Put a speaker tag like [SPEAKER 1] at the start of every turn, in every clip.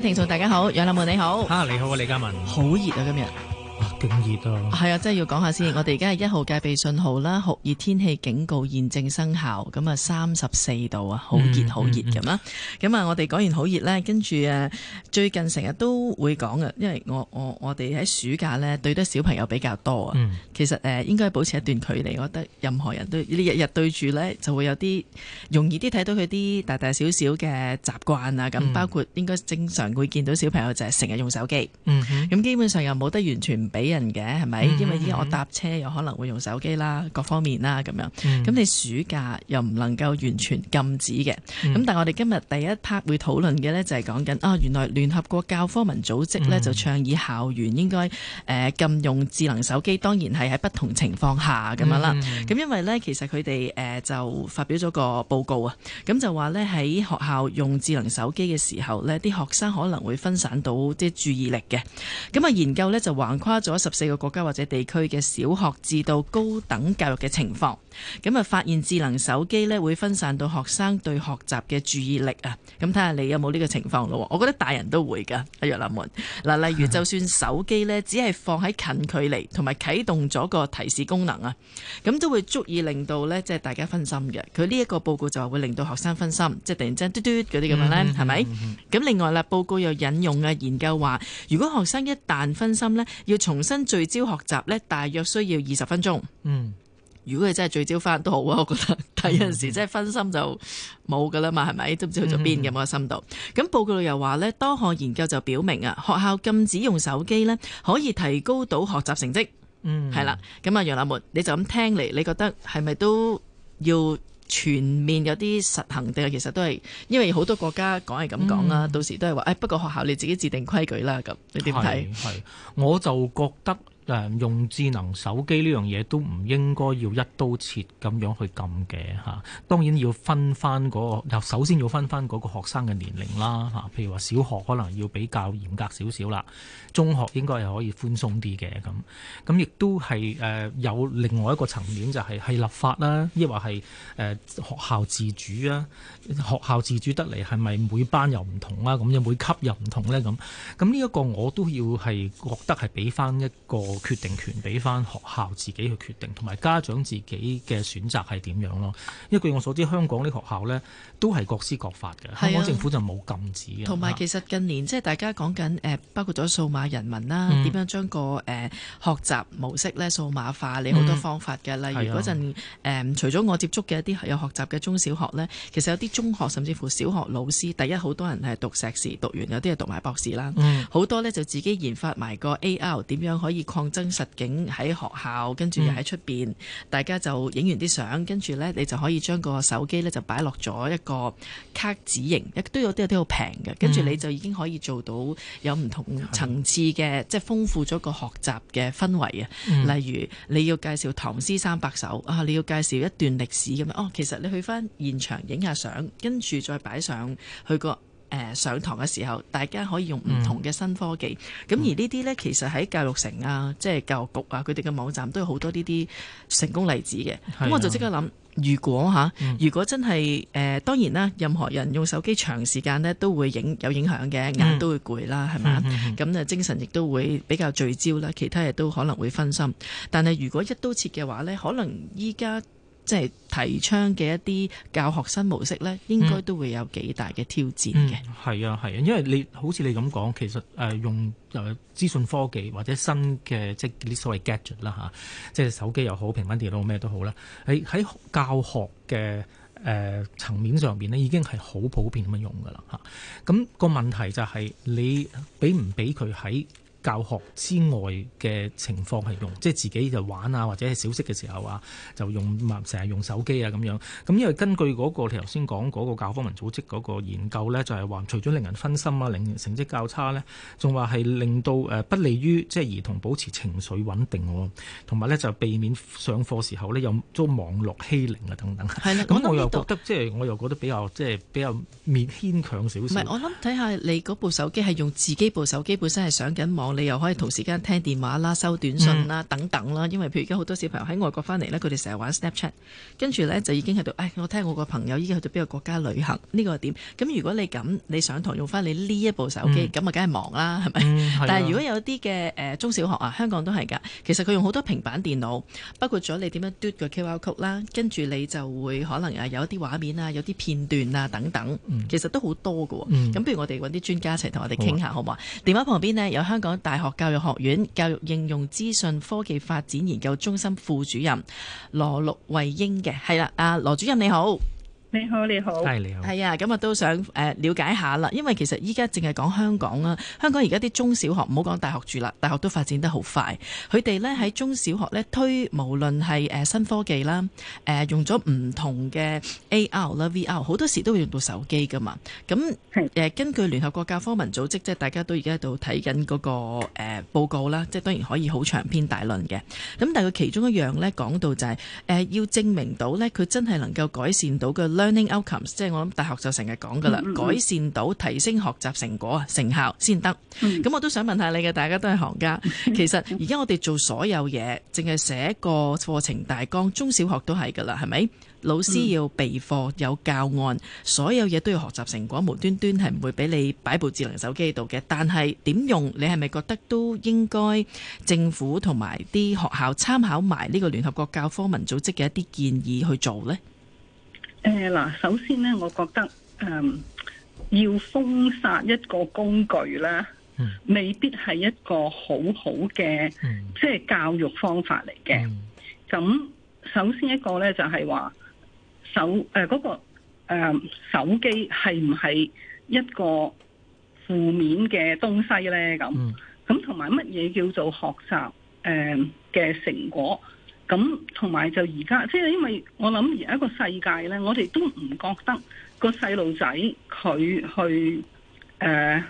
[SPEAKER 1] 聽眾大家好，楊立梅你好，啊你好啊李嘉文，好熱啊今日。勁熱啊！係啊，真係要講下先。我哋而家係一號戒備信號啦，酷熱天氣警告現正生效。咁啊，三十四度啊，好熱好、嗯嗯、熱咁啦。咁啊，我哋講完好熱咧，跟住啊，最近成日都會講嘅，因為我我我哋喺暑假咧對得小朋友比較多啊。嗯、其實誒應該保持一段距離，我覺得任何人都你日日對住咧就會有啲容易啲睇到佢啲大大小小嘅習慣啊。咁包括應該正常會見到小朋友就係成日用手機。咁、嗯嗯、基本上又冇得完全唔俾。人嘅係咪？因為依家我搭車有可能會用手機啦，各方面啦咁樣。咁、嗯、你暑假又唔能夠完全禁止嘅。咁、嗯、但係我哋今日第一 part 會討論嘅咧，就係講緊啊，原來聯合國教科文組織咧、嗯、就倡議校園應該誒、呃、禁用智能手機。當然係喺不同情況下咁樣啦。咁、嗯、因為咧，其實佢哋誒就發表咗個報告啊。咁就話咧喺學校用智能手機嘅時候咧，啲學生可能會分散到即係注意力嘅。咁啊研究咧就橫跨咗。十四個國家或者地區嘅小學至到高等教育嘅情況，咁啊發現智能手機咧會分散到學生對學習嘅注意力啊，咁睇下你有冇呢個情況咯。我覺得大人都會噶，阿若林門嗱，例如就算手機咧只係放喺近距離，同埋啟動咗個提示功能啊，咁都會足以令到咧即係大家分心嘅。佢呢一個報告就話會令到學生分心，即係突然間嘟嘟嗰啲咁樣咧，係咪？咁另外啦，報告又引用啊研究話，如果學生一旦分心咧，要重新真聚焦學習咧，大約需要二十分鐘。嗯，如果佢真係聚焦翻都好啊，我覺得。但係有陣時真係分心就冇噶啦嘛，係咪，嗯？都唔知去咗邊有冇個深度。咁、嗯、報告又話咧，多項研究就表明啊，學校禁止用手機咧，可以提高到學習成績。嗯，係啦。咁啊，楊立門，你就咁聽嚟，你覺得係咪都要？全面有啲實行定，其實都係因為好多國家講係咁講啦，嗯、到時都係話，誒不過學校你自己制定規矩啦。咁你點睇？
[SPEAKER 2] 我就覺得。誒，用智能手機呢樣嘢都唔應該要一刀切咁樣去撳嘅吓，當然要分翻嗰個又首先要分翻嗰個學生嘅年齡啦吓，譬如話小學可能要比較嚴格少少啦，中學應該係可以寬鬆啲嘅咁，咁亦都係誒，有另外一個層面就係係立法啦，抑或係誒學校自主啊，學校自主得嚟係咪每班又唔同啊？咁又每級又唔同咧咁，咁呢一個我都要係覺得係俾翻一個。決定權俾翻學校自己去決定，同埋家長自己嘅選擇係點樣咯？因為我所知香港啲學校呢都係各施各法嘅，啊、香港政府就冇禁止嘅。同埋其
[SPEAKER 1] 實近年即係大家講緊包括咗數碼人文啦，點、嗯、樣將個學習模式呢數碼化，你好、嗯、多方法嘅。例如嗰陣、啊、除咗我接觸嘅一啲有學習嘅中小學呢，其實有啲中學甚至乎小學老師，第一好多人係讀碩士，讀完有啲係讀埋博士啦，好、嗯、多呢就自己研發埋個 AR 點樣可以擴。真實景喺學校，跟住又喺出邊，嗯、大家就影完啲相，跟住呢，你就可以將個手機呢就擺落咗一個卡紙型，亦都有都有啲好平嘅，嗯、跟住你就已經可以做到有唔同層次嘅，嗯、即係豐富咗個學習嘅氛圍啊。嗯、例如你要介紹唐詩三百首啊，你要介紹一段歷史咁樣，哦、啊，其實你去返現場影下相，跟住再擺上去、個。誒、呃、上堂嘅時候，大家可以用唔同嘅新科技。咁、嗯、而呢啲呢，其實喺教育城啊，即、就、係、是、教育局啊，佢哋嘅網站都有好多呢啲成功例子嘅。咁我就即刻諗，如果吓、啊，如果真係誒、呃，當然啦，任何人用手機長時間呢都會影有影響嘅，眼都會攰啦，係嘛？咁啊，精神亦都會比較聚焦啦，其他嘢都可能會分心。但係如果一刀切嘅話呢，可能依家。即係提倡嘅一啲教學新模式咧，應該都會有幾大嘅挑戰嘅、嗯。係、嗯、啊，係啊，因為你好似你
[SPEAKER 2] 咁講，其實誒、呃、用誒、呃、資訊科技或者新嘅即係啲所謂 gadget 啦、啊、嚇，即係手機又好，平板電腦咩都好啦，係喺教學嘅誒、呃、層面上邊咧，已經係好普遍咁樣用噶啦嚇。咁、啊個問題就係你俾唔俾佢喺教學之外嘅情況係用，即係自己就玩啊，或者係小息嘅時候啊，就用成日用手機啊咁樣。咁因為根據嗰個你頭先講嗰個教科文組織嗰個研究呢，就係話除咗令人分心啊、令人成績較差呢，仲話係令到誒不利於即係兒童保持情緒穩定，同埋呢就避免上課時候呢有遭網絡欺凌啊等等。係啦。咁我又覺得，覺得即係我又覺得比較即係比較勉牽強少少。我
[SPEAKER 1] 諗睇下你嗰部手機係用自己部手機本身係上緊網，你又可以同時間聽電話啦、嗯、收短信啦、嗯、等等啦，因為譬如而家好多小朋友喺外國翻嚟咧，佢哋成日玩 Snapchat，跟住咧就已經喺度，誒，我聽我個朋友依家去到邊個國家旅行，呢個係點？咁如果你咁，你上堂用翻你呢一部手機，咁啊、嗯，梗係忙啦，係咪？但係如果有啲嘅誒中小學啊，香港都係噶，其實佢用好多平板電腦，包括咗你點樣篤個 QR code 啦、啊，跟住你就會可能有一啲畫面啊、有啲片段啊等等，嗯、其實都好多噶。咁、嗯、不如我哋揾啲專家一齊同我哋傾下好嘛、啊？電話旁邊呢，有香港大學教育學院教育應用資訊科技發展研究中心副主任羅陸慧英嘅係啦，啊羅主任你好。你好，你好，係你好，係啊，咁我都想誒了解下啦，因為其實依家淨係講香港啦，香港而家啲中小學唔好講大學住啦，大學都發展得好快，佢哋咧喺中小學咧推無論係誒新科技啦，誒用咗唔同嘅 AR 啦 VR，好多時都會用到手機噶嘛，咁誒根據聯合國教科文組織，即係大家都而家喺度睇緊嗰個誒報告啦，即係當然可以好長篇大論嘅，咁但係佢其中一樣咧講到就係、是、誒要證明到咧佢真係能夠改善到嘅。learning outcomes，即係我諗大學就成日講噶啦，改善到提升學習成果啊，成效先得。咁我都想問下你嘅，大家都係行家。其實而家我哋做所有嘢，淨係寫個課程大綱，中小學都係噶啦，係咪？老師要備課有教案，所有嘢都要學習成果，無端端係唔會俾你擺部智能手機度嘅。但係點用？你係咪覺得都應該政府同埋啲學校參考埋呢個聯合國教科文組織嘅一啲建議去做呢？
[SPEAKER 3] 誒，嗱，首先咧，我覺得誒、嗯，要封殺一個工具咧，嗯、未必係一個好好嘅，嗯、即係教育方法嚟嘅。咁、嗯、首先一個咧，就係話手誒、呃嗰個誒、嗯、手機係唔係一個負面嘅東西咧？咁咁同埋乜嘢叫做學習誒嘅成果？咁同埋就而家，即係因為我諗而家一個世界咧，我哋都唔覺得個細路仔佢去誒、呃，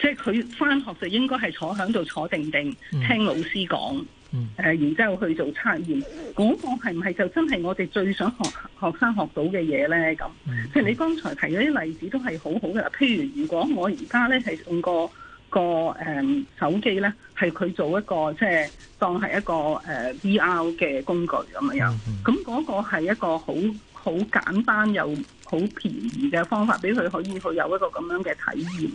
[SPEAKER 3] 即係佢翻學就應該係坐響度坐定定聽老師講，誒、嗯呃，然之後去做測驗，嗰、那個係唔係就真係我哋最想學學生學到嘅嘢咧？咁、嗯，即係你剛才提嗰啲例子都係好好嘅啦。譬如如果我而家咧係用個。個誒手機呢，係佢做一個即係當係一個誒、呃、VR 嘅工具咁樣，咁、那、嗰個係一個好好簡單又好便宜嘅方法，俾佢可以去有一個咁樣嘅體驗。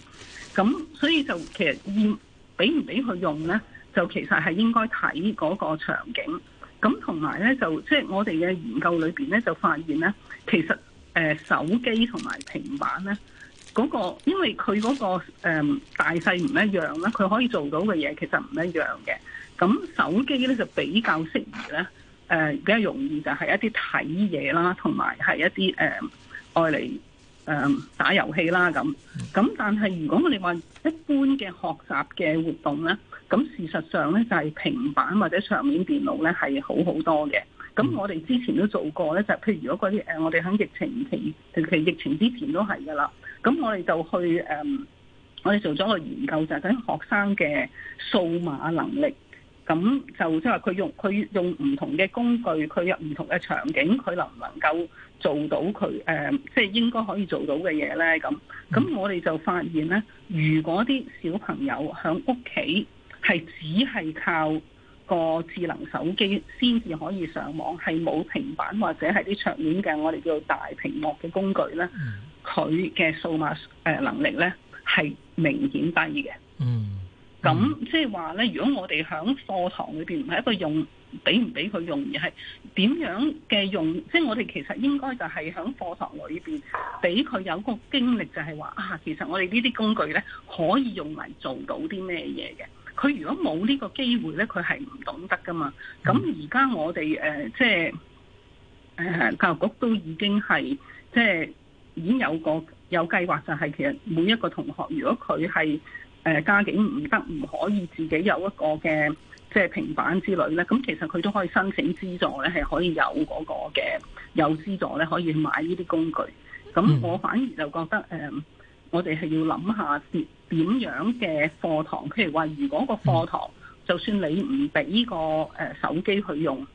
[SPEAKER 3] 咁所以就其實要俾唔俾佢用呢，就其實係應該睇嗰個場景。咁同埋呢，就即係我哋嘅研究裏邊呢，就發現呢，其實誒、呃、手機同埋平板呢。嗰、那個、因為佢嗰、那個、呃、大細唔一樣啦，佢可以做到嘅嘢其實唔一樣嘅。咁手機咧就比較適宜咧，誒、呃、比較容易就係一啲睇嘢啦，同埋係一啲誒用嚟誒打遊戲啦咁。咁但係如果我哋話一般嘅學習嘅活動咧，咁事實上咧就係、是、平板或者上面電腦咧係好好多嘅。咁我哋之前都做過咧，就係譬如嗰啲誒，我哋喺疫情期、尤其疫情之前都係噶啦。咁我哋就去誒，我哋做咗個研究就係睇學生嘅數碼能力，咁就即係話佢用佢用唔同嘅工具，佢有唔同嘅場景，佢能唔能夠做到佢誒，即係應該可以做到嘅嘢咧？咁，咁我哋就發現咧，如果啲小朋友喺屋企係只係靠個智能手機先至可以上網，係冇平板或者係啲桌面嘅我哋叫大屏幕嘅工具咧，佢嘅數碼誒能力咧係明顯低嘅。嗯，咁即係話咧，如果我哋喺課堂裏邊唔係一個用，俾唔俾佢用，而係點樣嘅用？即係我哋其實應該就係喺課堂裏邊俾佢有個經歷，就係話啊，其實我哋呢啲工具咧可以用嚟做到啲咩嘢嘅。佢如果冇呢個機會呢，佢係唔懂得㗎嘛。咁而家我哋誒、呃、即係、呃、教育局都已經係即係已經有個有計劃，就係其實每一個同學，如果佢係、呃、家境唔得，唔可以自己有一個嘅即係平板之類呢，咁其實佢都可以申請資助呢，係可以有嗰個嘅有資助呢，可以買呢啲工具。咁我反而就覺得誒、呃我哋係要諗下點點樣嘅課堂，譬如話，如果個課堂、嗯、就算你唔俾個誒手機佢用，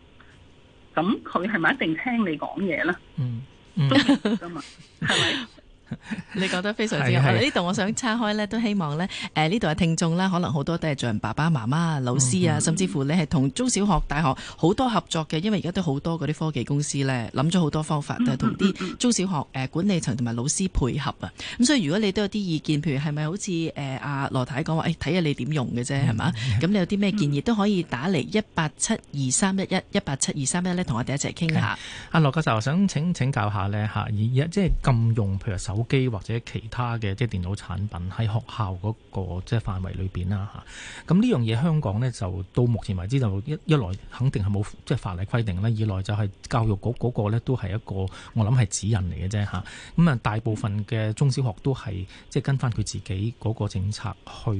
[SPEAKER 3] 咁佢係咪一定聽你講嘢咧？嗯，都唔得噶嘛，係
[SPEAKER 1] 咪？ 你講得非常之好，呢度，我想叉開呢，都希望咧，誒呢度嘅聽眾呢，可能好多都係做人爸爸媽媽、老師啊，甚至乎你係同中小學、大學好多合作嘅，因為而家都好多嗰啲科技公司呢，諗咗好多方法都係同啲中小學管理層同埋老師配合啊，咁所以如果你都有啲意見，譬如係咪好似誒阿羅太講話，哎睇下你點用嘅啫，係嘛，咁你有啲咩建議都可以打嚟，一八七二三一一一八七二三一咧，同我哋一齊傾下。
[SPEAKER 2] 阿羅教授，我想請請教一下呢，吓即係禁用。譬如手機或者其他嘅即係電腦產品喺學校嗰個即係範圍裏邊啦嚇，咁呢樣嘢香港呢就到目前為止就一一來肯定係冇即係法例規定啦，二來就係教育局嗰個呢都係一個我諗係指引嚟嘅啫嚇，咁啊大部分嘅中小學都係即係跟翻佢自己嗰個政策去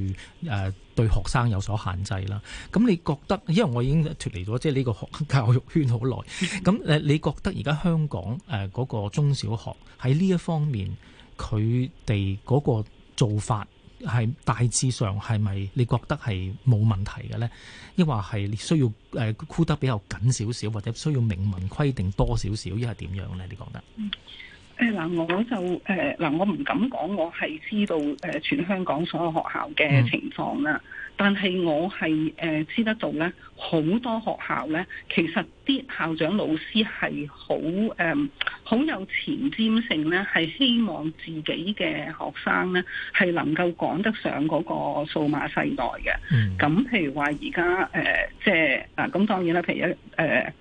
[SPEAKER 2] 誒對學生有所限制啦。咁你覺得因為我已經脱離咗即係呢個學教育圈好耐，咁誒你覺得而家香港誒嗰個中小學喺呢一方面？佢哋嗰個做法係大致上係咪你覺得係冇問題嘅呢？亦或係你需要誒箍得比較緊少少，或者需要明文規定多少少，依係點樣呢？你覺得？
[SPEAKER 3] 誒嗱、呃，我就誒嗱，我唔敢講我係知道誒全香港所有學校嘅情況啦，嗯、但係我係誒、呃、知得到咧，好多學校咧，其實啲校長老師係好誒好有前瞻性咧，係希望自己嘅學生咧係能夠趕得上嗰個數碼世代嘅。咁、嗯、譬如話而家誒即係啊，咁當然啦，譬如一誒。呃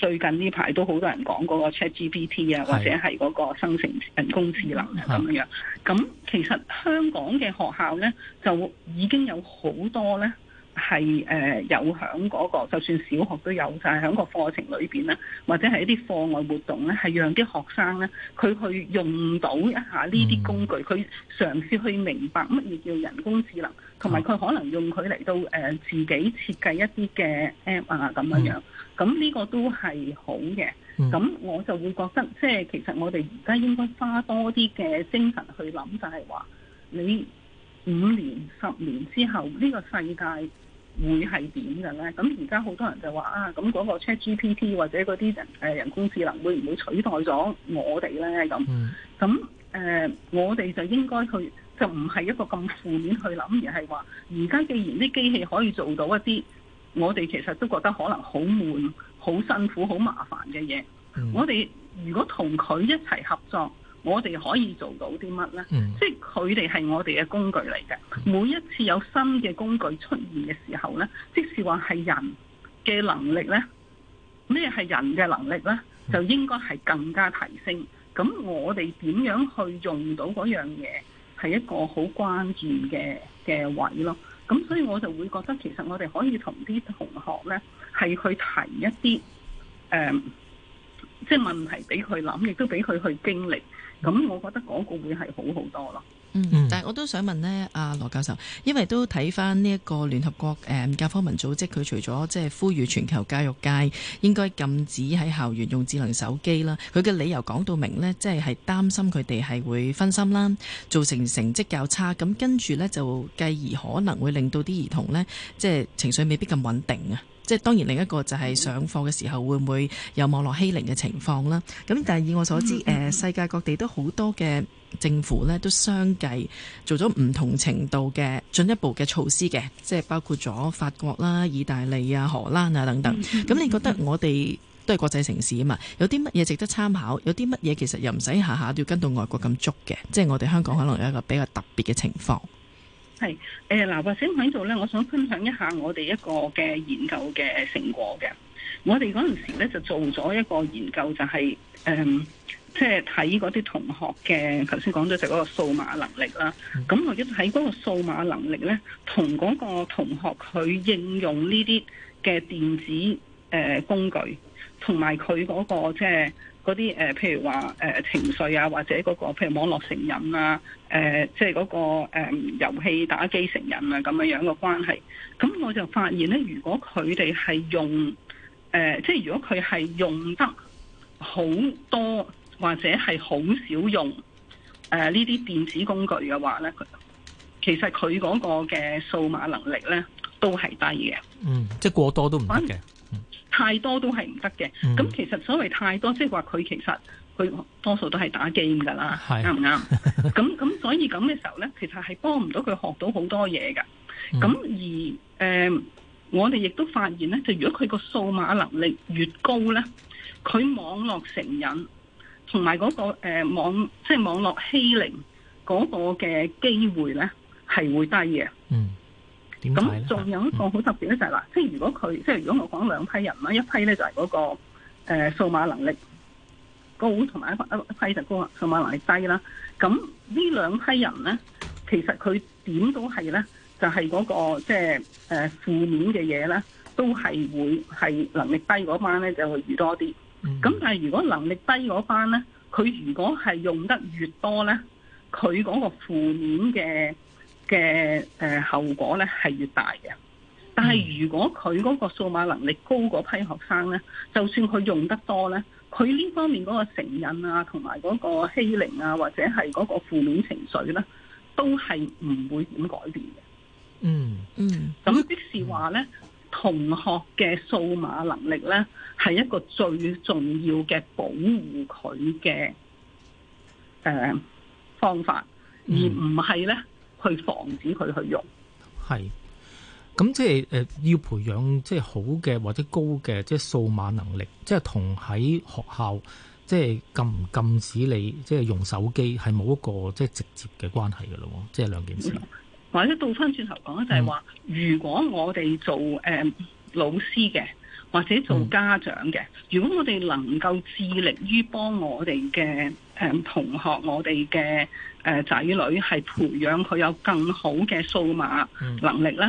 [SPEAKER 3] 最近呢排都好多人講嗰個 ChatGPT 啊，或者係嗰個生成人工智能啊咁是樣。咁、嗯嗯、其實香港嘅學校呢，就已經有好多呢係誒、呃、有響嗰、那個，就算小學都有，就係、是、響個課程裏邊呢，或者係一啲課外活動呢，係讓啲學生呢，佢去用到一下呢啲工具，佢、嗯、嘗試去明白乜嘢叫人工智能，同埋佢可能用佢嚟到誒、呃、自己設計一啲嘅 App 啊咁樣。嗯咁呢個都係好嘅，咁我就會覺得，即係其實我哋而家應該花多啲嘅精神去諗，就係話你五年、十年之後呢個世界會係點嘅咧？咁而家好多人就話啊，咁嗰個 ChatGPT 或者嗰啲誒人工智能會唔會取代咗我哋咧？咁咁誒，我哋就應該去就唔係一個咁負面去諗，而係話而家既然啲機器可以做到一啲。我哋其實都覺得可能好悶、好辛苦、好麻煩嘅嘢。嗯、我哋如果同佢一齊合作，我哋可以做到啲乜呢？嗯、即係佢哋係我哋嘅工具嚟嘅。每一次有新嘅工具出現嘅時候呢，即使話係人嘅能力呢，咩係人嘅能力呢？就應該係更加提升。咁我哋點樣去用到嗰樣嘢，係一個好關鍵嘅嘅位咯。咁所以我就會覺得其實我哋可以同啲同學呢，係去提一啲誒，即係問題俾佢諗，亦都俾佢去經歷。咁我覺得嗰個會係好好多咯。
[SPEAKER 1] 嗯，但係我都想問呢，阿羅教授，因為都睇翻呢一個聯合國誒教科文組織，佢除咗即係呼籲全球教育界應該禁止喺校園用智能手機啦，佢嘅理由講到明呢，即係係擔心佢哋係會分心啦，造成成績較差，咁跟住呢，就繼而可能會令到啲兒童呢，即係情緒未必咁穩定啊。即係當然，另一個就係上課嘅時候會唔會有網絡欺凌嘅情況啦。咁但係以我所知，誒世界各地都好多嘅政府呢，都相繼做咗唔同程度嘅進一步嘅措施嘅，即係包括咗法國啦、意大利啊、荷蘭啊等等。咁 你覺得我哋都係國際城市啊嘛，有啲乜嘢值得參考？有啲乜嘢其實又唔使下下都要跟到外國咁足嘅，即係我哋香港可能有一個比較特別嘅情況。
[SPEAKER 3] 係，誒嗱、呃，或者喺度咧，我想分享一下我哋一個嘅研究嘅成果嘅。我哋嗰陣時咧就做咗一個研究、就是，就係誒即係睇嗰啲同學嘅頭先講咗就嗰個數碼能力啦。咁我一睇嗰個數碼能力咧，同嗰、嗯、個，個同學佢應用呢啲嘅電子。誒、呃、工具同埋佢嗰個即係嗰啲誒譬如話誒、呃、情緒啊，或者嗰、那個譬如網絡成癮啊，誒、呃、即係嗰、那個誒、呃、遊戲打機成癮啊咁樣樣嘅關係，咁我就發現咧，如果佢哋係用誒、呃、即係如果佢係用得好多或者係好少用誒呢啲電子工具嘅話咧，佢其實佢嗰個嘅數碼能力咧都係低嘅。嗯，即
[SPEAKER 2] 係過多都唔得嘅。
[SPEAKER 3] 太多都係唔得嘅，咁、嗯、其實所謂太多，即係話佢其實佢多數都係打機㗎啦，啱唔啱？咁咁 所以咁嘅時候咧，其實係幫唔到佢學到好多嘢㗎。咁、嗯、而誒、呃，我哋亦都發現咧，就如果佢個數碼能力越高咧，佢網絡成癮同埋嗰個誒、呃、網即係、就是、網絡欺凌嗰個嘅機會咧，係會低嘅。嗯。咁仲有一個好特別咧、就是，就係嗱，即係如果佢，即係如果我講兩批人啦，一批咧就係嗰、那個誒、呃、數碼能力高，同埋一一批就高數碼能力低啦。咁呢兩批人咧，其實佢點都係咧，就係、是、嗰、那個即係誒、呃、負面嘅嘢咧，都係會係能力低嗰班咧就會越多啲。咁、嗯、但係如果能力低嗰班咧，佢如果係用得越多咧，佢嗰個負面嘅嘅誒後果咧係越大嘅，但係如果佢嗰個數碼能力高嗰批學生咧，就算佢用得多咧，佢呢方面嗰個成癮啊，同埋嗰個欺凌啊，或者係嗰個負面情緒咧，都係唔會點改變嘅、嗯。嗯嗯，咁即是話咧，同學嘅數碼能力咧係一個最重要嘅保護佢嘅誒方法，而唔係咧。
[SPEAKER 2] 去防止佢去用，係咁即係誒，要培養即係好嘅或者高嘅即係數碼能力，即係同喺學校即係禁唔禁止你即係用手機係冇一個即係直接嘅關係噶咯，即係兩件事。
[SPEAKER 3] 或者倒翻轉頭講就係、是、話，如果我哋做誒、呃、老師嘅。或者做家長嘅，如果我哋能夠致力於幫我哋嘅誒同學，我哋嘅誒仔女係培養佢有更好嘅數碼能力咧，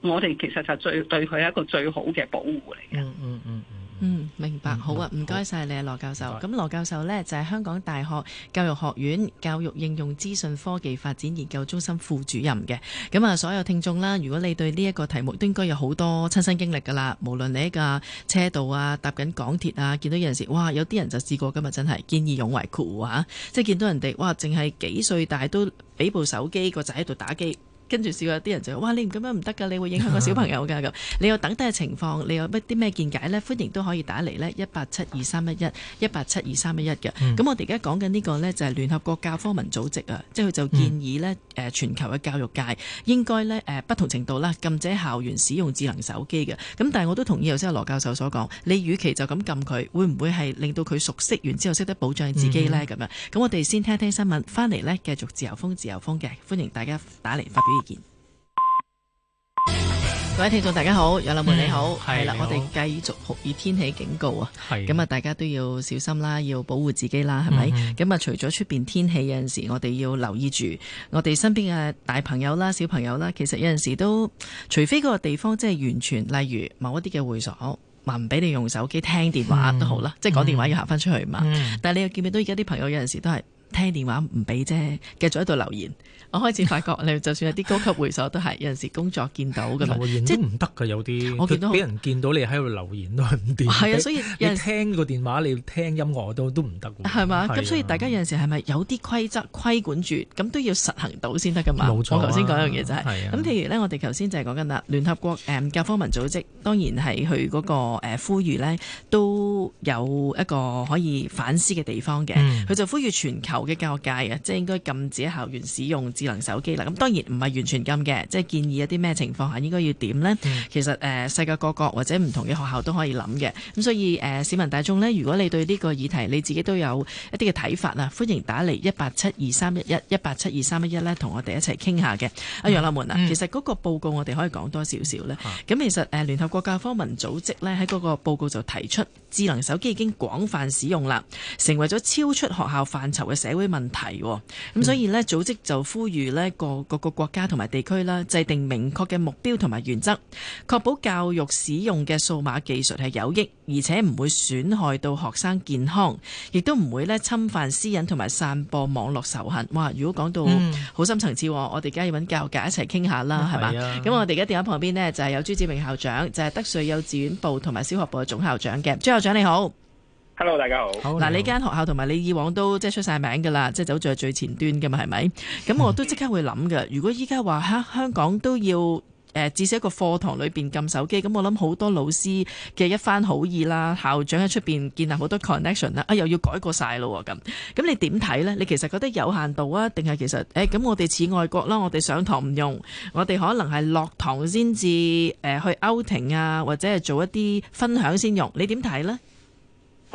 [SPEAKER 3] 嗯、我哋其實就是最對佢係一個最好嘅保護嚟
[SPEAKER 1] 嘅。嗯嗯嗯嗯，明白好啊，唔該晒你啊，羅好教授。咁羅謝教授呢，就係香港大學教育學院教育應用資訊科技發展研究中心副主任嘅。咁啊，所有聽眾啦，如果你對呢一個題目都應該有好多親身經歷噶啦。無論你一個車度啊，搭緊港鐵啊，見到有陣時，哇，有啲人就試過今日真係見義勇為，酷啊！即係見到人哋哇，淨係幾歲大都俾部手機個仔喺度打機。跟住試過有啲人就話：哇！你唔咁樣唔得㗎，你會影響個小朋友㗎咁。你有等低嘅情況，你有啲咩見解呢？歡迎都可以打嚟呢。11,」一八七二三一一一八七二三一一嘅。咁我哋而家講緊呢個呢，就係、是、聯合國教科文組織啊，即係佢就建議呢，誒、嗯、全球嘅教育界應該呢，誒、呃、不同程度啦，禁止校園使用智能手機嘅。咁但係我都同意頭先阿羅教授所講，你與其就咁禁佢，會唔會係令到佢熟悉完之後識得保障自己呢？咁樣、嗯，咁我哋先聽一聽新聞，翻嚟呢，繼續自由風自由風嘅，歡迎大家打嚟發表。見各位聽眾大家好，楊麗梅你好，係 是啦，好我哋繼續酷雨天氣警告啊，咁啊 的，大家都要小心啦，要保護自己啦，係咪？咁啊，mm，hmm. 除咗出邊天氣有陣時，我哋要留意住，我哋身邊嘅大朋友啦、小朋友啦，其實有陣時都，除非嗰個地方即係完全，例如某一啲嘅會所，話唔俾你用手機聽電話都好啦，mm hmm. 即係講電話要行翻出去嘛。Mm hmm. 但係你又見唔到，而家啲朋友有陣時都係聽電話唔俾啫，繼續喺度留言。我開始發覺，你就算有啲高級會所都係有陣時工作見到㗎嘛，即唔得
[SPEAKER 2] 㗎有啲，我見到俾人見到你喺度留言都唔掂。係啊，所以你聽個電話，你聽音樂都都唔得㗎。係嘛？咁所以大
[SPEAKER 1] 家有陣時係咪有啲規則規管住，咁都要實行到先得㗎嘛？冇錯，頭先講樣嘢就係。咁譬如咧，我哋頭先就係講緊啦，聯合國誒教科文組織當然係去嗰個呼籲咧，都有一個可以反思嘅地方嘅。佢就呼籲全球嘅教育界啊，即係應該禁止喺校園使用智能手機啦，咁當然唔係完全禁嘅，即係建議一啲咩情況下應該要點呢？嗯、其實誒、呃，世界各地或者唔同嘅學校都可以諗嘅。咁、嗯、所以誒、呃，市民大眾呢，如果你對呢個議題你自己都有一啲嘅睇法啊，歡迎打嚟一八七二三一一一八七二三一一咧，同我哋一齊傾下嘅。阿楊立門啊，其實嗰個報告我哋可以講多少少呢？咁、啊、其實誒、呃，聯合國教科文組織呢，喺嗰個報告就提出，智能手機已經廣泛使用啦，成為咗超出學校範疇嘅社會問題。哦。咁、嗯嗯、所以呢，組織就呼。呼籲咧各個國家同埋地區啦，制定明確嘅目標同埋原則，確保教育使用嘅數碼技術係有益，而且唔會損害到學生健康，亦都唔會咧侵犯私隱同埋散播網絡仇恨。哇！如果講到好深層次，嗯、我哋而家要揾教育界一齊傾下啦，係嘛是、啊？咁我哋而家電話旁邊呢，就係有朱子穎校長，就係、是、德萃幼稚園部同埋小學部嘅總校長嘅，朱校長你好。
[SPEAKER 2] hello，大家好。嗱好，你
[SPEAKER 1] 間好學校同埋你以往都即係出晒名噶啦，即係走在最前端噶嘛，係咪？咁我都即刻會諗㗎。如果依家話香港都要誒、呃，至少一個課堂裏邊撳手機，咁我諗好多老師嘅一番好意啦，校長喺出邊建立好多 connection 啦，啊，又要改過晒咯咁。咁你點睇呢？你其實覺得有限度啊？定係其實誒？咁我哋似外國啦，我哋上堂唔用，我哋可能係落堂先至誒去 outing 啊，或者係做一啲分享先用。你點睇呢？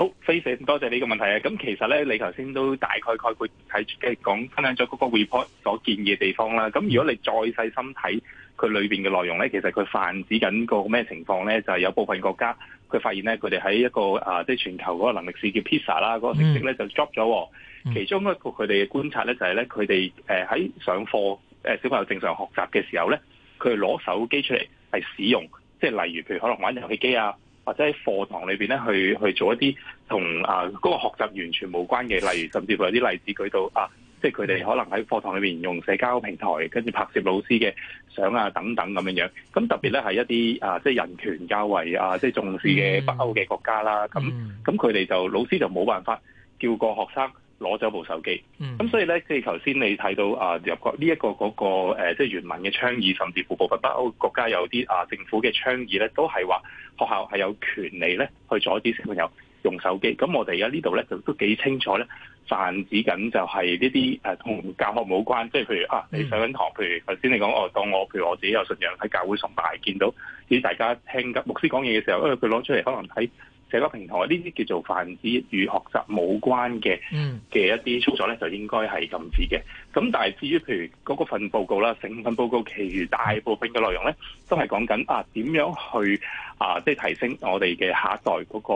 [SPEAKER 4] 好，非常多謝你嘅問題啊！咁其實咧，你頭先都大概概括喺即講分享咗嗰個 report 所建議嘅地方啦。咁如果你再細心睇佢裏面嘅內容咧，其實佢泛指緊個咩情況咧？就係、是、有部分國家佢發現咧，佢哋喺一個啊，即、就、係、是、全球嗰個能力試叫 PISA 啦，嗰、那個成績咧就 drop 咗。Mm. 其中一個佢哋嘅觀察咧，就係咧佢哋喺上課、呃、小朋友正常學習嘅時候咧，佢攞手機出嚟係使用，即係例如譬如可能玩遊戲機啊。或者喺課堂裏邊咧，去去做一啲同啊嗰、那個學習完全冇關嘅，例如甚至乎有啲例子舉到啊，即係佢哋可能喺課堂裏邊用社交平台跟住拍攝老師嘅相啊等等咁樣樣。咁特別咧係一啲啊即係、就是、人權較為啊即係、就是、重視嘅北歐嘅國家啦。咁咁佢哋就老師就冇辦法叫個學生攞咗部手機，咁、嗯、所以咧，即係頭先你睇到啊，入國呢一個嗰、嗰個即係、呃即係、原文嘅倡議，甚至乎部分北歐國家有啲啊政府嘅倡議咧，都係話學校係有權利咧去阻止小朋友用手機。咁我哋而家呢度咧就都幾清楚咧，泛指緊就係呢啲誒同教學冇關，即係譬如啊，你上緊堂，譬如頭先你講我、哦、當我譬如我自己有信仰喺教會崇拜，見到啲大家聽牧師講嘢嘅時候，因為佢攞出嚟可能喺。社交平台呢啲叫做泛指與學習冇關嘅嘅、嗯、一啲操作咧，就應該係禁止嘅。咁但係至於譬如嗰份報告啦，成份報告，其餘大部分嘅內容咧，都係講緊啊點樣去啊即係提升我哋嘅下一代嗰、個、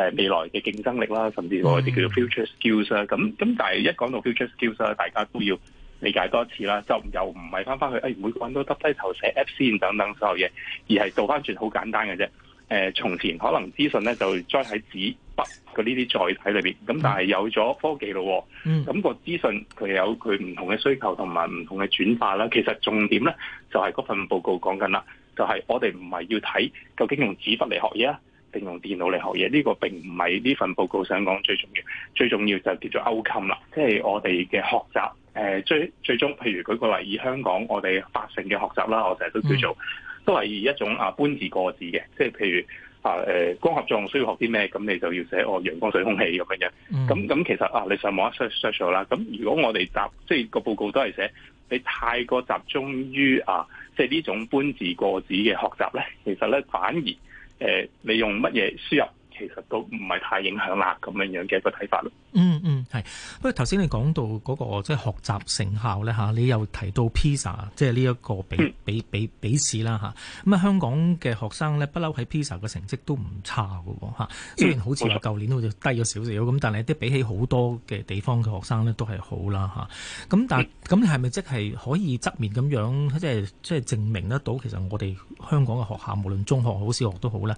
[SPEAKER 4] 啊、未來嘅競爭力啦，甚至話啲叫做 future skills 啊咁咁、嗯。但係一講到 future skills 啊，大家都要理解多一次啦。就又唔係翻翻去誒、哎、每個人都耷低頭寫 app 先等等所有嘢，而係做翻轉好簡單嘅啫。誒，從前可能資訊咧就載喺紙筆嘅呢啲載體裏面，咁但係有咗科技咯，咁個、mm. 資訊佢有佢唔同嘅需求同埋唔同嘅轉化啦。其實重點咧就係嗰份報告講緊啦，就係我哋唔係要睇究竟用紙筆嚟學嘢啊，定用電腦嚟學嘢？呢、呢個並唔係呢份報告想講最重要，最重要就叫做勾襟啦，即、就、係、是、我哋嘅學習最最終，譬如舉個例，以香港我哋發性嘅學習啦，我成日都叫做。Mm. 都係一種啊，搬字過紙嘅，即係譬如啊，誒、呃、光合作用需要學啲咩，咁你就要寫哦，陽光、水、空氣咁樣樣。咁咁、mm. 其實啊，你上網一 search search 咗啦。咁如果我哋集即係個報告都係寫，你太過集中於啊，即係呢種搬字過紙嘅學習咧，其實咧反而誒、呃，你用乜嘢輸入其實都唔係太影響這啦，咁樣樣嘅一個睇法咯。
[SPEAKER 2] 嗯嗯係，不過頭先你講到嗰個即係學習成效咧吓，你又提到 PISA 即係呢一個比比比比試啦吓，咁啊香港嘅學生咧不嬲喺 PISA 嘅成績都唔差噶吓，啊，雖然好似話舊年好似低咗少少咁，但係啲比起好多嘅地方嘅學生咧都係好啦吓，咁，啊，但係咁你係咪即係可以側面咁樣即係即係證明得到其實我哋香港嘅學校無論中學好小學都好咧，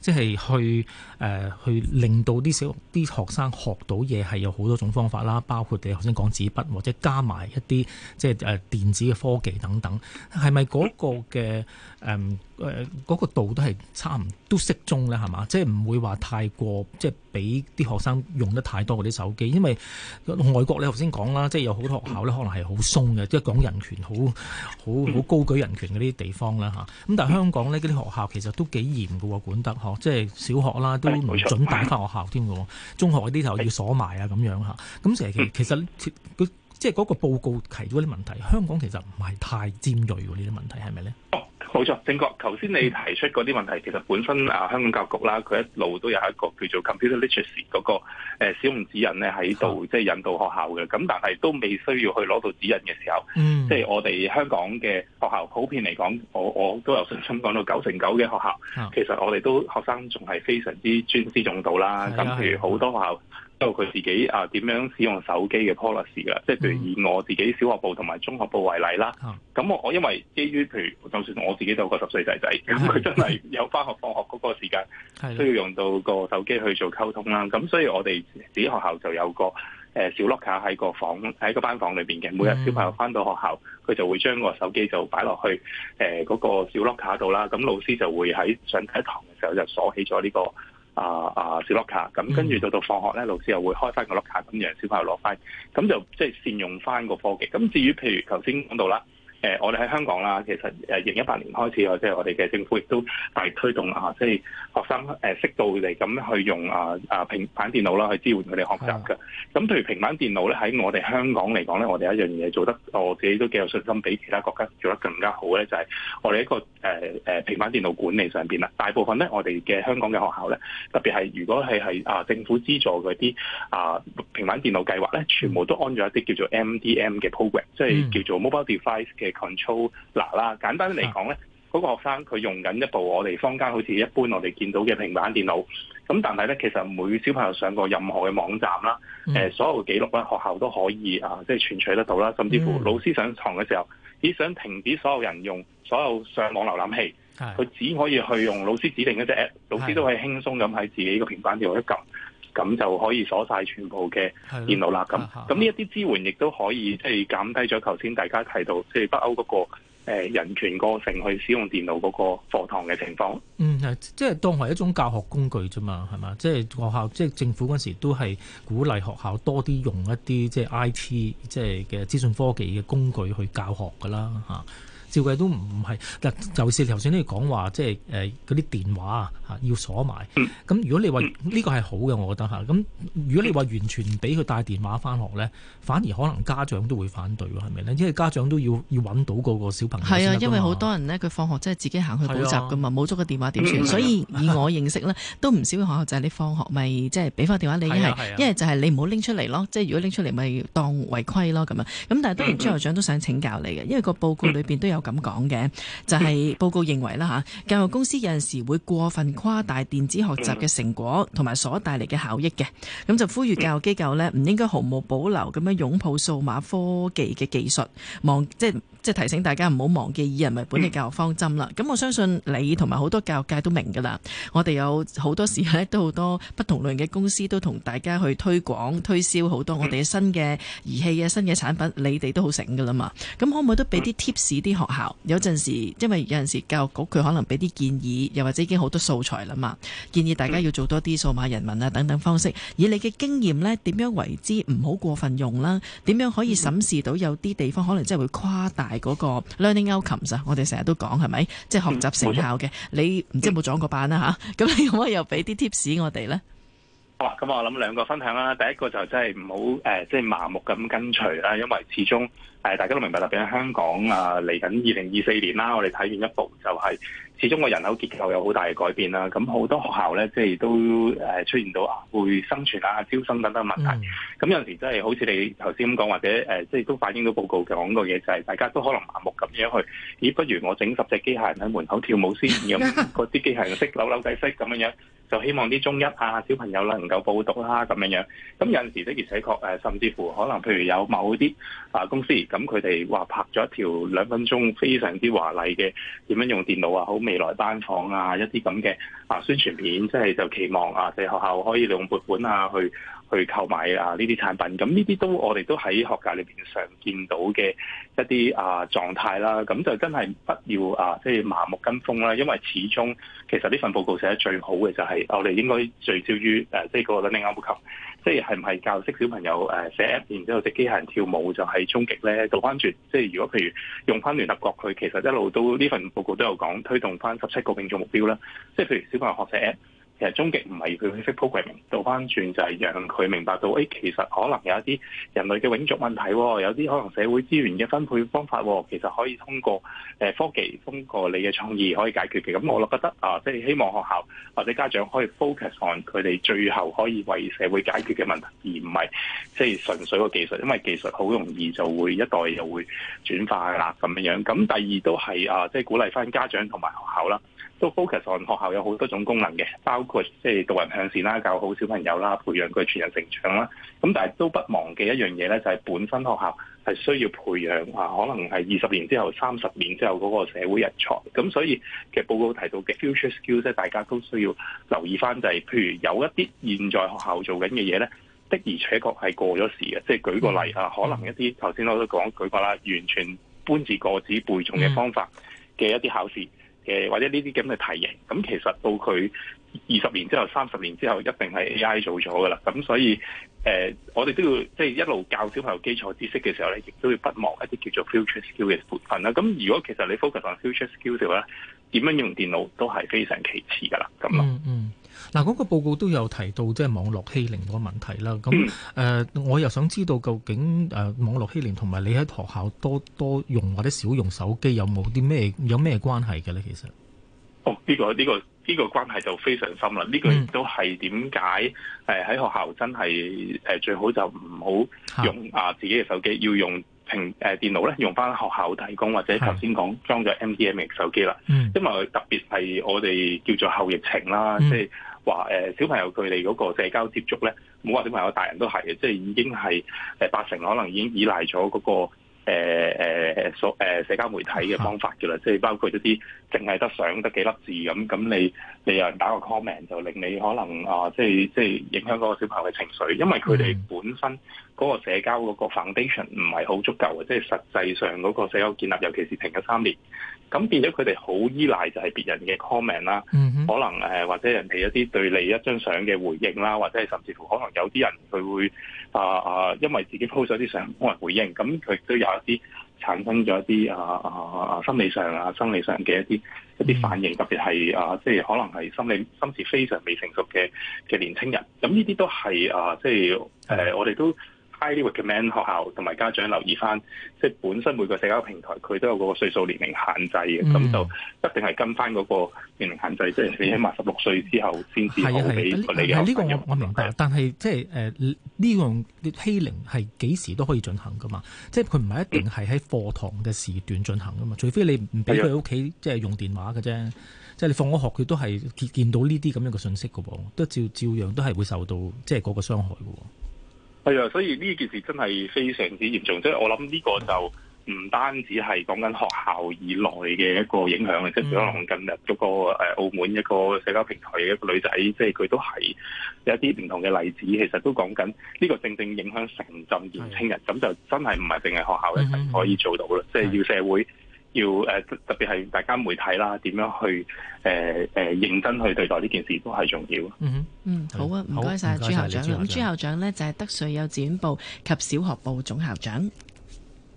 [SPEAKER 2] 即、就、係、是、去誒、呃、去令到啲小啲學生學到。嘢係有好多種方法啦，包括你頭先講紙筆，或者加埋一啲即係誒電子嘅科技等等，係咪嗰個嘅誒？嗯誒嗰、呃嗰個度都係差唔都適中咧，係嘛？即係唔會話太過，即係俾啲學生用得太多嗰啲手機。因為外國你頭先講啦，即係有好多學校咧，可能係好鬆嘅，即係講人權，好好好高舉人權嗰啲地方啦咁、啊、但係香港呢，嗰啲學校其實都幾嚴嘅喎，管得學，即係小學啦，都唔準帶翻學校添嘅喎。中學嗰啲頭要鎖埋啊，咁樣咁成日其實，其實即係嗰個報告提咗啲問題，香港其實唔係太尖鋭喎，呢啲問題係咪咧？
[SPEAKER 4] 冇錯，正確。頭先你提出嗰啲問題，其實本身啊，香港教育局啦，佢一路都有一個叫做 computer literacy 嗰、那個、呃、小唔指引使用指引咧喺度，即係、啊、引導學校嘅。咁但係都未需要去攞到指引嘅時候，即係、嗯、我哋香港嘅學校普遍嚟講，我我都有信心講到九成九嘅學校，啊、其實我哋都學生仲係非常之尊師重道啦。咁的譬如好多學校。到佢自己啊點樣使用手機嘅 policy 㗎，即係譬如以我自己小學部同埋中學部為例啦。咁我、嗯、我因為基於譬如就算我自己就個十歲仔仔，咁佢的真係有翻學放學嗰個時間需的要用到個手機去做溝通啦。咁所以我哋自己學校就有一個誒、呃、小 locker 喺個房喺個班房裏邊嘅。每日小朋友翻到學校，佢就會將個手機就擺落去誒嗰、呃那個小 locker 度啦。咁老師就會喺上第一堂嘅時候就鎖起咗呢、這個。啊啊，小 locker，咁，跟住到到放學咧，老師又會開翻個 locker，咁讓小朋友攞翻，咁就即係、就是、善用翻個科技。咁至於譬如頭先講到啦。誒、呃，我哋喺香港啦，其實二零一八年開始，即係我哋嘅政府亦都大力推動、啊、即係學生誒適、啊、度嚟咁去用啊啊平板電腦啦，去支援佢哋學習嘅。咁對於平板電腦咧，喺我哋香港嚟講咧，我哋一樣嘢做得，我自己都幾有信心，比其他國家做得更加好咧，就係、是、我哋一個誒、呃、平板電腦管理上面。啦。大部分咧，我哋嘅香港嘅學校咧，特別係如果係係啊政府資助嗰啲啊平板電腦計劃咧，全部都安咗一啲叫做 MDM 嘅 program，、嗯、即係叫做 mobile device 嘅。control 嗱啦，簡單嚟講咧，嗰、那個學生佢用緊一部我哋坊間好似一般我哋見到嘅平板電腦。咁但係咧，其實每小朋友上過任何嘅網站啦，嗯、所有記錄咧學校都可以啊，即係存取得到啦，甚至乎老師上堂嘅時候，你想停止所有人用所有上網瀏覽器，佢只可以去用老師指定一隻 app，老師都可以輕鬆咁喺自己個平板電腦一撳，咁就可以鎖晒全部嘅電腦啦。咁咁呢一啲支援亦都可以即係減低咗頭先大家睇到即係、就是、北歐嗰個人權過程去使用電腦嗰個課堂嘅情況。
[SPEAKER 2] 嗯，即、就、係、是、當為一種教學工具啫嘛，係嘛？即、就、係、是、學校即係、就是、政府嗰陣時都係鼓勵學校多啲用一啲即係 I T 即係嘅資訊科技嘅工具去教學噶啦嚇。照計都唔係。嗱，尤、就是頭先你講話即係嗰啲電話啊。要鎖埋，咁如果你話呢個係好嘅，我覺得吓。咁如果你話完全唔俾佢帶電話返學呢，反而可能家長都會反對㗎，係咪咧？因為家長都要要揾到嗰個小朋友。係啊，因為好
[SPEAKER 1] 多人呢，佢放學即係自己行去補習㗎嘛，冇咗是、啊、個電話點算？所以以我認識呢，都唔少嘅學校就係你放學咪即係俾返電話你，係、啊，因為、啊、就係你唔好拎出嚟咯。即係如果拎出嚟咪當違規咯咁啊。咁但係當然，朱校、嗯、長都想請教你嘅，因為個報告裏邊都有咁講嘅，就係、是、報告認為啦吓、啊，教育公司有陣時會過分。誇大電子學習嘅成果同埋所帶嚟嘅效益嘅，咁就呼籲教育機構呢，唔應該毫無保留咁樣擁抱數碼科技嘅技術，忘即係即係提醒大家唔好忘記以人為本嘅教育方針啦。咁我相信你同埋好多教育界都明㗎啦。我哋有好多時候咧都好多不同類型嘅公司都同大家去推廣推銷好多我哋嘅新嘅儀器啊、新嘅產品，你哋都好醒㗎啦嘛。咁可唔可以都俾啲 tips 啲學校？有陣時因為有陣時教育局佢可能俾啲建議，又或者已經好多訴訟。啦，建議大家要做多啲數碼人民啊等等方式，以你嘅經驗咧，點樣為之唔好過分用啦？點樣可以審視到有啲地方可能真係會誇大嗰個 learning outcomes？我哋成日都講係咪？即係學習成效嘅。嗯、你唔知有冇撞過板啦吓，咁、嗯啊、你可唔可以又俾啲貼士我哋呢？
[SPEAKER 4] 好啦、嗯，咁我諗兩個分享啦。第一個就真係唔好誒，即係盲目咁跟隨啦，因為始終。誒，大家都明白，特別喺香港啊，嚟緊二零二四年啦，我哋睇完一步，就係、是、始終個人口結構有好大嘅改變啦。咁好多學校咧，即、就、係、是、都誒出現到啊，會生存啊、招生等等問題。咁有陣時真係好似你頭先咁講，或者誒，即係都反映到報告講過嘢，就係、是、大家都可能盲目咁樣去。咦，不如我整十隻機械人喺門口跳舞先咁，嗰啲機械人識扭扭計識咁樣樣，就希望啲中一啊小朋友能夠報讀啦咁樣樣。咁有陣時的而且確誒，甚至乎可能譬如有某啲啊公司。咁佢哋話拍咗一條兩分鐘非常之華麗嘅點樣用電腦啊，好未來班房啊一啲咁嘅啊宣傳片，即係就期望啊，就學校可以利用撥款啊去。去購買啊呢啲產品，咁呢啲都我哋都喺學界裏邊常見到嘅一啲啊狀態啦，咁就真係不要啊即係盲目跟風啦，因為始終其實呢份報告寫得最好嘅就係、是、我哋應該聚焦於即係、啊就是、個 learning outcome，即係係唔係教識小朋友誒寫 app，然之後啲機械人跳舞就係終極咧？倒翻轉即係如果譬如用翻聯合國去，佢其實一路都呢份報告都有講推動翻十七個永續目標啦，即、就、係、是、譬如小朋友學寫 app。其實終極唔係佢識 programming，倒翻轉就係讓佢明白到、哎，其實可能有一啲人類嘅永續問題，有啲可能社會資源嘅分配方法，其實可以通過科技，通過你嘅創意可以解決嘅。咁我覺得啊，即係希望學校或者家長可以 focus on 佢哋最後可以為社會解決嘅問題，而唔係即係純粹個技術，因為技術好容易就會一代又會轉化㗎啦咁樣。咁第二都係啊，即係鼓勵翻家長同埋學校啦。都 focus on 學校有好多種功能嘅，包括即係導人向善啦、教好小朋友啦、培養佢全人成長啦。咁但係都不忘記一樣嘢咧，就係、是、本身學校係需要培養啊，可能係二十年之後、三十年之後嗰個社會人才。咁所以其實報告提到嘅 future skills 大家都需要留意翻、就是，就係譬如有一啲現在學校在做緊嘅嘢咧，的而且確係過咗時嘅。即、就、係、是、舉個例啊，可能一啲頭先我都講舉過啦，完全搬字過紙背誦嘅方法嘅一啲考試。誒，或者呢啲咁嘅題型，咁其實到佢二十年之後、三十年之後，一定係 AI 做咗噶啦。咁所以，誒、呃，我哋都要即係、就是、一路教小朋友基礎知識嘅時候咧，亦都要不忘一啲叫做 future skill 嘅部分啦。咁如果其實你 focus 喺 future skill 嘅話咧，點樣用電腦都係非常其次噶啦。
[SPEAKER 2] 咁咯。嗯嗯嗱，嗰、啊那個報告都有提到即係網絡欺凌嗰個問題啦。咁誒、嗯呃，我又想知道究竟誒、呃、網絡欺凌同埋你喺學校多多用或者少用手機有冇啲咩有咩關係嘅咧？其實，
[SPEAKER 4] 哦，呢、這個呢、這個呢、這個關係就非常深啦。呢、這個亦都係點解誒喺學校真係誒、呃、最好就唔好用行啊自己嘅手機，要用平誒、呃、電腦咧，用翻學校提供或者頭先講裝咗 M D M 嘅手機啦。嗯、因為特別係我哋叫做後疫情啦，即係、嗯。就是話小朋友佢哋嗰個社交接觸咧，冇話小朋友大人都係嘅，即係已經係八成可能已經依賴咗嗰個。誒、呃、所、呃、社交媒體嘅方法嘅啦，即係、嗯、包括一啲淨係得相得幾粒字咁，咁你你有人打個 comment 就令你可能啊、呃，即係即係影響嗰個小朋友嘅情緒，因為佢哋本身嗰個社交嗰個 foundation 唔係好足夠嘅，即係實際上嗰個社交建立，尤其是停咗三年，咁變咗佢哋好依賴就係別人嘅 comment 啦，嗯、哼可能、呃、或者人哋一啲對你一張相嘅回應啦，或者係甚至乎可能有啲人佢會。啊啊！因為自己鋪咗啲相，冇人回應，咁佢都有一啲產生咗一啲啊啊啊心理上啊生理上嘅一啲一啲反應，特別係啊，即係可能係心理心智非常未成熟嘅嘅年青人，咁呢啲都係啊，即係誒、啊，我哋都。I recommend 學校同埋家長留意翻，即係本身每個社交平台佢都有嗰個歲數年齡限制嘅，咁、嗯、就一定係跟翻嗰個年齡限制，嗯、即係你起碼十六歲之後先至俾佢哋嘅。係係係，呢個我
[SPEAKER 2] 我明白，是但係即係誒呢樣欺凌係幾時都可以進行噶嘛，即係佢唔係一定係喺課堂嘅時段進行噶嘛，嗯、除非你唔俾佢喺屋企即係用電話嘅啫，即係你放咗學佢都係見，見到呢啲咁樣嘅信息嘅喎，都照照樣都係會受到即係嗰個傷害嘅喎。
[SPEAKER 4] 係啊，所以呢件事真係非常之嚴重，即係我諗呢個就唔單止係講緊學校以內嘅一個影響啊，即係可能近日嗰個誒澳門一個社交平台嘅一個女仔，即係佢都係有一啲唔同嘅例子，其實都講緊呢個正正影響城鎮年輕人，咁就真係唔係淨係學校一層可以做到啦，即係要社會。要誒、呃、特別係大家媒體啦，點樣去誒誒、呃呃、認真去對待呢件事都係重要。
[SPEAKER 1] 嗯嗯，好啊，唔該晒朱校長。咁朱校、嗯、校長呢，就係、是、德萃幼稚園部及小學部總校長。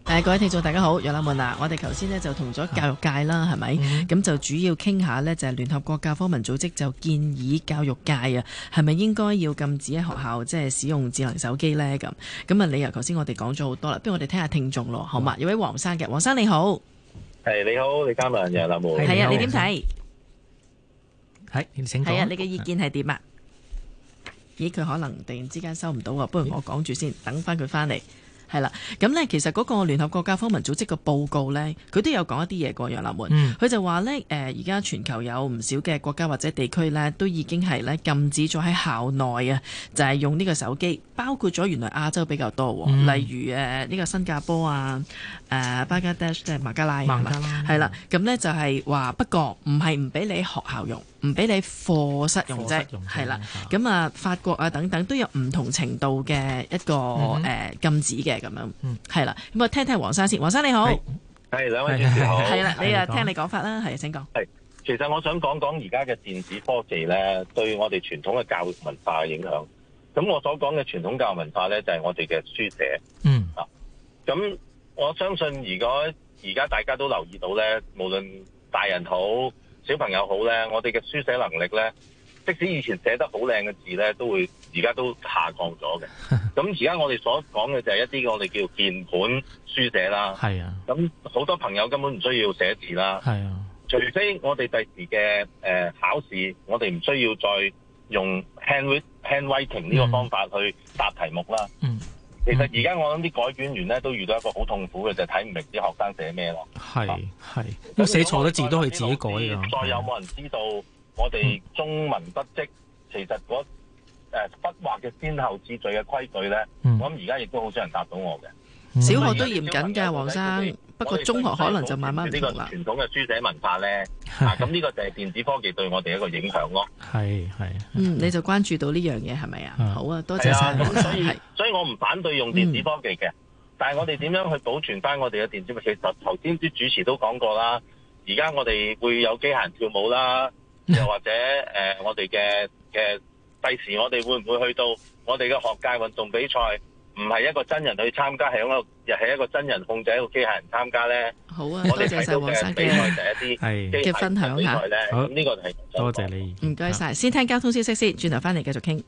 [SPEAKER 1] 誒、 啊，各位聽眾大家好，楊立門啊，我哋頭先呢，就同咗教育界啦，係咪咁就主要傾下呢，就係、是、聯合國教科文組織就建議教育界啊，係咪應該要禁止喺學校即係、就是、使用智能手機呢？咁咁啊，理由頭先我哋講咗好多啦，不如我哋聽下聽聽眾咯，好嘛？ 有位黃生嘅黃生，你好。
[SPEAKER 5] 係、hey, 你好，李嘉文又係藍毛。
[SPEAKER 1] 係啊，你點睇？係，請講。係啊，你嘅意見係點啊？咦，佢可能突然之間收唔到啊，不如我講住先，等翻佢翻嚟。係啦，咁咧其實嗰個聯合國教科文組織嘅報告咧，佢都有講一啲嘢過楊立滿，佢、嗯、就話咧誒，而、呃、家全球有唔少嘅國家或者地區咧，都已經係咧禁止咗喺校內啊，就係、是、用呢個手機，包括咗原來亞洲比較多、啊，嗯、例如誒呢、呃這個新加坡啊，誒、呃、巴加達即、就是、馬加拉來，係啦，咁咧吧就係話不過唔係唔俾你學校用。唔俾你課室用啫，係啦。咁啊，法國啊等等都有唔同程度嘅一個、嗯哼呃、禁止嘅咁樣，係啦、嗯。咁啊，我聽聽黃生先。黃生你好，
[SPEAKER 5] 係兩位主持好，係啦。你啊聽你
[SPEAKER 1] 講法啦，係請講。
[SPEAKER 5] 其實我想講講而家嘅電子科技咧，對我哋傳統嘅教育文化嘅影響。咁我所講嘅傳統教育文化咧，就係、是、我哋嘅書寫。嗯。啊，咁我相信如果而家大家都留意到咧，無論大人好。小朋友好咧，我哋嘅書寫能力咧，即使以前寫得好靚嘅字咧，都會而家都下降咗嘅。咁而家我哋所講嘅就係一啲我哋叫鍵盤書寫啦。係啊，咁好多朋友根本唔需要寫字啦。係啊，除非我哋第時嘅誒、呃、考試，我哋唔需要再用 handwriting hand 呢個方法去答題目啦。嗯。嗯。嗯、其實而家我諗啲改卷員咧都遇到一個好痛苦嘅，就係睇唔明啲學生寫咩咯。
[SPEAKER 2] 係係，咁寫錯咗字都可以自己改啊。再有
[SPEAKER 5] 冇人知道我哋中文筆跡，的嗯、其實嗰誒筆畫嘅先後次序嘅規矩呢，嗯、我諗而家亦都好少人答到我嘅。
[SPEAKER 1] 嗯、小學都嚴謹噶，黃生，生。不過中學可能就慢慢唔同啦。呢個
[SPEAKER 5] 傳統嘅書寫文化咧，咁呢個就係電子科技對我哋一個影響咯。係係。
[SPEAKER 1] 嗯，你就關注到呢樣嘢係咪啊？好啊，多謝晒、啊。所以，
[SPEAKER 5] 所以我唔反對用電子科技嘅、嗯，但係我哋點樣去保存翻我哋嘅電子科技？其實頭先啲主持都講過啦。而家我哋會有機械人跳舞啦，又或者誒、呃，我哋嘅嘅第時我哋會唔會去到我哋嘅學界運動比賽？唔係一個真人去參加，係一又係係一個真人控制一個機械人參加咧。
[SPEAKER 1] 好啊，多謝晒黃生。俾我哋一啲嘅分享下。好，
[SPEAKER 5] 呢個就係多謝你。
[SPEAKER 1] 唔該晒，先聽交通消息先，轉頭翻嚟繼續傾。